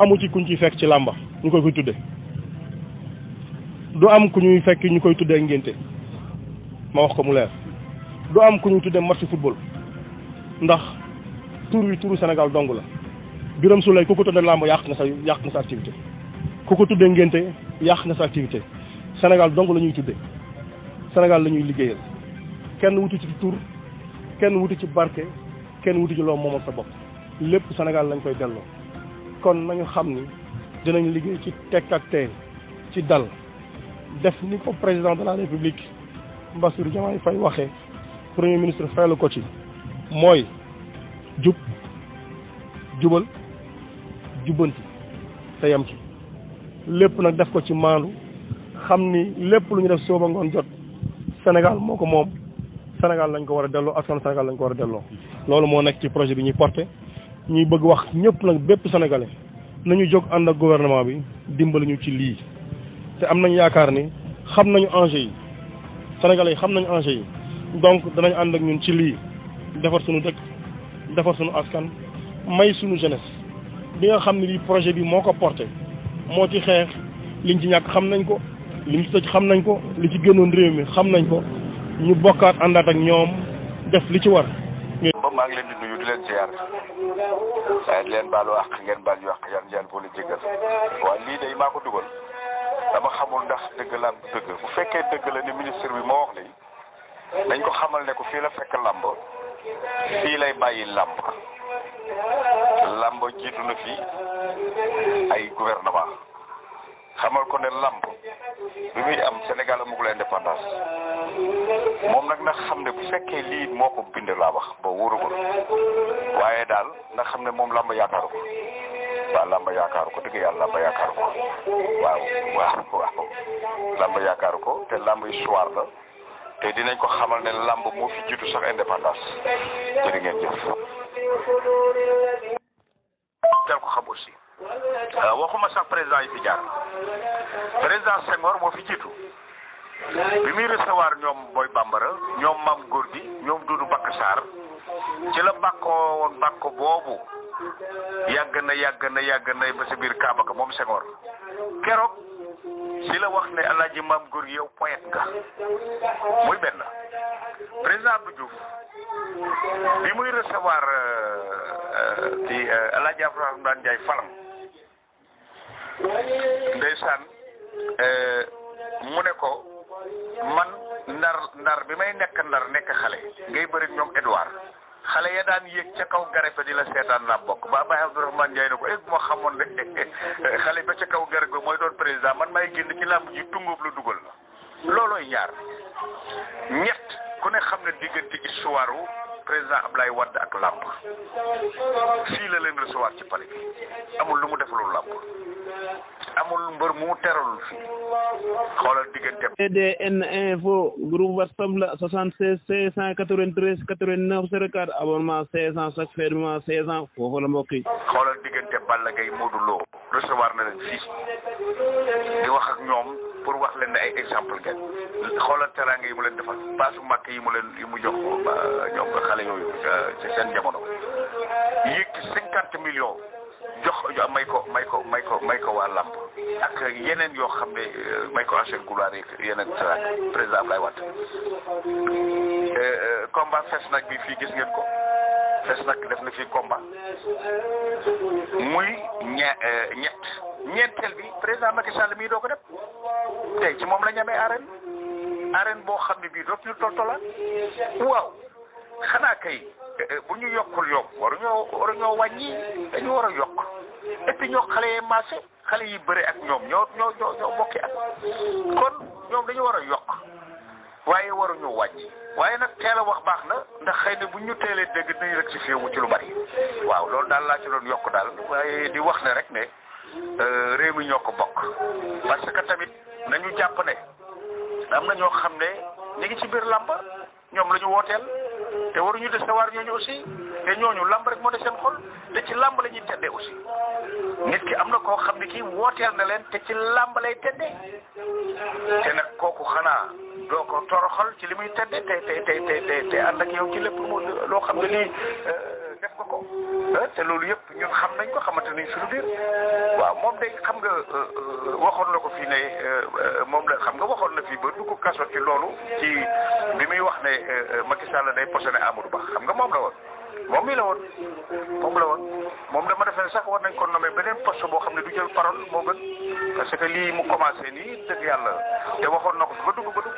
amu ci kuñ ciy fekk ci làmba ñu koy koy tudde du am ku ñuy fekk ñu koy tuddee ngénte ma wax ko mu leer du am ku ñuy tuddee match football ndax tur wi turu Sénégal dong la Birame Souleye ku ko tuddee làmb yàq nga sa yàq nga sa activité ku ko tuddee ngénte yàq nga sa activité Sénégal dong lañuy ñuy tuddee Sénégal la ñuy liggéeyal kenn wuti ci tur kenn wuti ci barke kenn wuti ci moom moomal sa bopp lépp Sénégal lañ koy delloo kon nañu xam ni dinañ liggéey ci tekk ak tey ci dal def ni ko président de la république Bassirou Diomaye Faye waxee premier ministre faylu ko ci mooy jub jubal jubbanti te yam ci lépp nag def ko ci maandu xam ni lépp lu ñu def sooba ngoon jot Sénégal moo ko moom Sénégal lañ ko war a delloo askan Sénégal lañ ko war a delloo loolu moo nekk ci projet bi ñuy porté ñuy bëgg wax ñëpp nag bépp sénégalais nañu jóg ànd ak gouvernement bi dimbali ñu ci lii te am nañ yaakaar ni xam nañu enjeu yi sénégale yi xam nañu enjeu yi donc danañ ànd ak ñun ci lii defar suñu dëkk defar suñu askan may sunu jeunesse bi nga xam ne lii projet bi moo ko porté moo ci xeex liñ ci ñàkk xam nañ ko liñ ci tëj xam nañ ko li ci génnoon réew mi xam nañ ko ñu bokkaat àndaat ak ñoom def li ci war maa ngi leen di nuyu di leen ziar waaye leen baalu àq ngeen baal ñu àq yan yan boole jéggal waaye lii day maa ko dugal dama xamul ndax dëgg la am dëgg bu fekkee dëgg la ni ministre wi moo wax lii dañ ko xamal ne ko fii la fekk làmb fii lay bàyyi làmb làmb jiitu na fi ay gouvernement xamal ko ne làmb bi muy am Sénégal amagul indépendance. moom nag na xam ne bu fekkee lii moo ko bind laa wax ba wóoragul waaye daal na xam ne moom làmb yaakaaru ko waaw làmb yaakaaru ko yàlla làmb yaakaaru ko waaw waaw waaw làmb yaakaaru ko te làmb histoire la te dinañ ko xamal ne làmb moo fi jiitu sax indépendance jërë ngeen jëf teel ko xam aussi euh, waxuma sax président yi fi jaar président Senghor moo fi jiitu bi muy recevoir ñoom booy bambara ñoom maam góor gi ñoom Dudu Bakk Sarr ci la bàkkoo woon boobu yàgg na yàgg na yàgg na ba sa biir Kaaba ga moom Senghor keroog ci la wax ne alaaji maam góor gi yow poète nga muy benn président Abdou bi muy recevoir ci euh, euh, euh, alaaji Abdourahmane daan Ndiaye falam ndeysaan mu ne ko man ndar ndar bi may nekk ndar nekk xale ngay bëri ñoom Edouard xale ya daan yéeg ca kaw garab ba di la seetaan naa bokk ba Baye Abdourahmane Ndiaye ne ko eh bu ma xamoon ne xale ba ca kaw garab ba mooy doon président man may génn ci làmb ji tungóob lu dugal loolooy ñaar ñett ku ne xam ne diggante histoire président Ablaye Wade ak làmb fii la leen recevoir ci palais amul lu mu defalul làmb amul mbër mu teralul fii xoolal diggante. EDN info groupe whatsapp la 76 693 89 04 abonnement 500 chaque fermement 500 foofu la mbokk xoolal diggante Balla Gaye Modou Lo recevoir na leen fii di wax ak ñoom. wax leen ne ay exemple ngeen xoolal teraanga yi mu leen defal paasu màkk yi mu leen yi mu jox jox xale yooyu ci seen jamono yéeg cinquante millions jox may ko may ko may ko may ko waa làmp ak yeneen yoo xam ne euh, may ko ancien couloir yi yeneen teraanga président Abdoulaye Wade euh, euh, combat fees nag bi fii gis ngeen ko fees nag def na fii combat muy ñe ñeenteel bi président Macky Sall mii doo ko def tey ci moom la ñu amee arène boo xam ne bii dootuñu toltolaat waaw xanaa kay eh, eh, bu ñu yokkul yokk waruñoo waruñoo wàññi dañu war a yokk et puis ñoo xale yee marché xale yi bëre ak ñoom ñoo ñoo ñoo ñoo bokki ak kon ñoom dañu war a yokk waaye waruñu wàññi waaye nag teel a wax baax na ndax xëy na bu ñu teelee dégg dinañ rek si féewu ci lu bari waaw lool daal laa ci doon yokk daal waaye di wax ne rek ne euh, réew mi ñoo ko bokk parce que tamit. ñëpp ne am na ñoo xam ne ñu ngi ci biir làmb ñoom la ñu wooteel te waruñu décevoir ñooñu aussi te ñooñu làmb rek moo ne seen xol te ci làmb la ñuy teddee aussi nit ki am na koo xam ne kii wooteel na leen te ci làmb lay teddee te nag kooku xanaa doo ko toroxal ci li muy teddee te te te te te ànd ak yow ci lépp loo xam ne lii euh, def ko ko euh, te loolu yëpp ñun xam nañ ko xamante nañ suñu biir waaw moom day xam nga euh, waxoon la ko fii ne sotti loolu ci bi muy wax ne euh, euh, Macky Sall day posone Amadou Ba xam nga moom la woon moom mii la woon moom la woon moom dama defe ne sax war nañ ko nommer beneen poste boo xam ne du jël parole moo gën parce que lii mu commencé nii dëgg yàlla te waxoon na ko ba dugg ba dugg